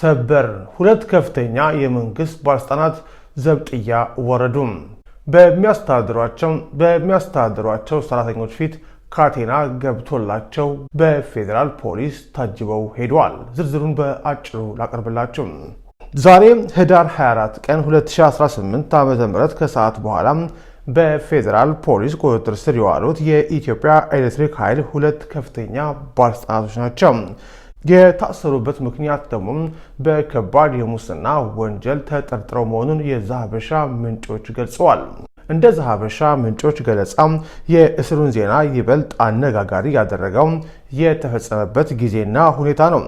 ሰበር! ሁለት ከፍተኛ የመንግስት ባለስልጣናት ዘብጥያ ወረዱ። በሚያስተዳድሯቸው በሚያስተዳድሯቸው ሰራተኞች ፊት ካቴና ገብቶላቸው በፌዴራል ፖሊስ ታጅበው ሄደዋል። ዝርዝሩን በአጭሩ ላቀርብላችሁ። ዛሬ ህዳር 24 ቀን 2018 ዓ.ም ከሰዓት በኋላ በፌዴራል ፖሊስ ቁጥጥር ስር የዋሉት የኢትዮጵያ ኤሌክትሪክ ኃይል ሁለት ከፍተኛ ባለስልጣናቶች ናቸው። የታሰሩበት ምክንያት ደግሞ በከባድ የሙስና ወንጀል ተጠርጥረው መሆኑን የዛሀበሻ ምንጮች ገልጸዋል። እንደ ዛሀበሻ ምንጮች ገለጻ የእስሩን ዜና ይበልጥ አነጋጋሪ ያደረገው የተፈጸመበት ጊዜና ሁኔታ ነው።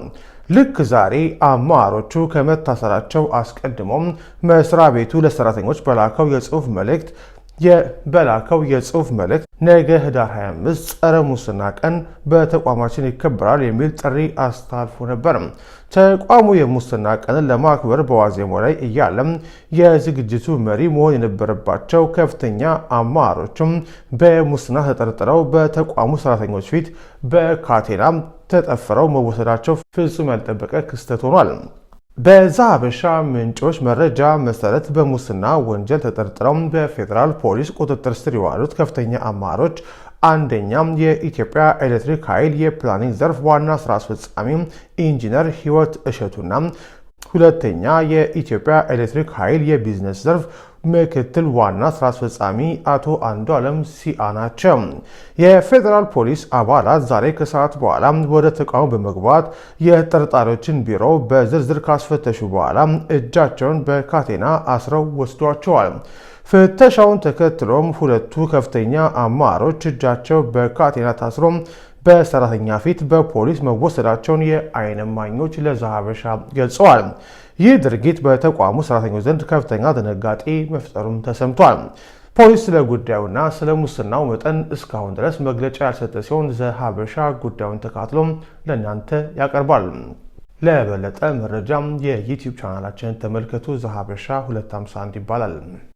ልክ ዛሬ አማሮቹ ከመታሰራቸው አስቀድሞም መስሪያ ቤቱ ለሰራተኞች በላከው የጽሑፍ መልእክት የበላከው የጽሑፍ መልእክት ነገ ህዳር 25 ጸረ ሙስና ቀን በተቋማችን ይከበራል የሚል ጥሪ አስተላልፎ ነበር። ተቋሙ የሙስና ቀንን ለማክበር በዋዜማው ላይ እያለም የዝግጅቱ መሪ መሆን የነበረባቸው ከፍተኛ አመራሮችም በሙስና ተጠርጥረው በተቋሙ ሰራተኞች ፊት በካቴና ተጠፍረው መወሰዳቸው ፍጹም ያልጠበቀ ክስተት ሆኗል። በዛሀበሻ ምንጮች መረጃ መሰረት በሙስና ወንጀል ተጠርጥረው በፌዴራል ፖሊስ ቁጥጥር ስር የዋሉት ከፍተኛ አማሮች አንደኛም የኢትዮጵያ ኤሌክትሪክ ኃይል የፕላኒንግ ዘርፍ ዋና ስራ አስፈጻሚ ኢንጂነር ህይወት እሸቱና ሁለተኛ የኢትዮጵያ ኤሌክትሪክ ኃይል የቢዝነስ ዘርፍ ምክትል ዋና ስራ አስፈጻሚ አቶ አንዱ አለም ሲአ ናቸው። የፌዴራል ፖሊስ አባላት ዛሬ ከሰዓት በኋላ ወደ ተቃውሞ በመግባት የጠርጣሪዎችን ቢሮ በዝርዝር ካስፈተሹ በኋላ እጃቸውን በካቴና አስረው ወስዷቸዋል። ፍተሻውን ተከትሎም ሁለቱ ከፍተኛ አማሮች እጃቸው በካቴና ታስሮ በሰራተኛ ፊት በፖሊስ መወሰዳቸውን የአይን እማኞች ለዛሀበሻ ገልጸዋል። ይህ ድርጊት በተቋሙ ሰራተኞች ዘንድ ከፍተኛ ድንጋጤ መፍጠሩም ተሰምቷል። ፖሊስ ስለ ጉዳዩና ስለ ሙስናው መጠን እስካሁን ድረስ መግለጫ ያልሰጠ ሲሆን ዘሀበሻ ጉዳዩን ተካትሎ ለእናንተ ያቀርባል። ለበለጠ መረጃም የዩቲዩብ ቻናላችንን ተመልከቱ። ዘሀበሻ 251 ይባላል።